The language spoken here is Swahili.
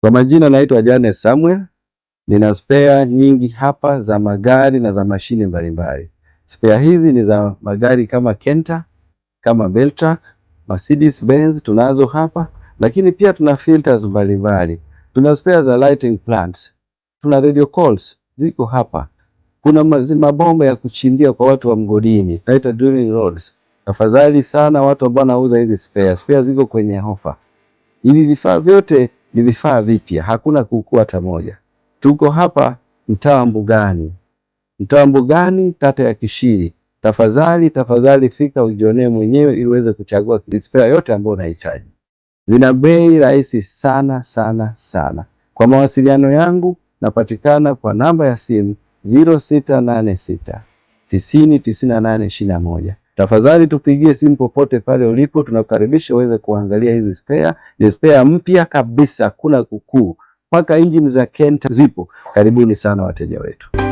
Kwa majina naitwa Jane Samuel. Nina spare nyingi hapa za magari na za mashine mbalimbali. Spare hizi ni za magari kama Kenta, kama Beltrack, Mercedes Benz tunazo hapa, lakini pia tuna filters mbalimbali. Tuna spare za lighting plants, tuna radio calls ziko hapa. Kuna mabomba ya kuchimbia kwa watu wa mgodini, tunaita drilling rods. Tafadhali sana watu ambao wanauza hizi spare, spare ziko kwenye ofa. Hivi vifaa vyote ni vifaa vipya, hakuna kuukuu hata moja. Tuko hapa mtaa Mbugani, mtaa Mbugani, kata ya Kishiri. Tafadhali tafadhali, fika ujionee mwenyewe ili uweze kuchagua spea yote ambayo unahitaji. Zina bei rahisi sana sana sana. Kwa mawasiliano yangu napatikana kwa namba ya simu 0686 90 98 21. Tafadhali tupigie simu popote pale ulipo, tunakukaribisha uweze kuangalia hizi spare. Ni spare mpya kabisa, kuna kukuu, mpaka injini za Kenta zipo. Karibuni sana wateja wetu.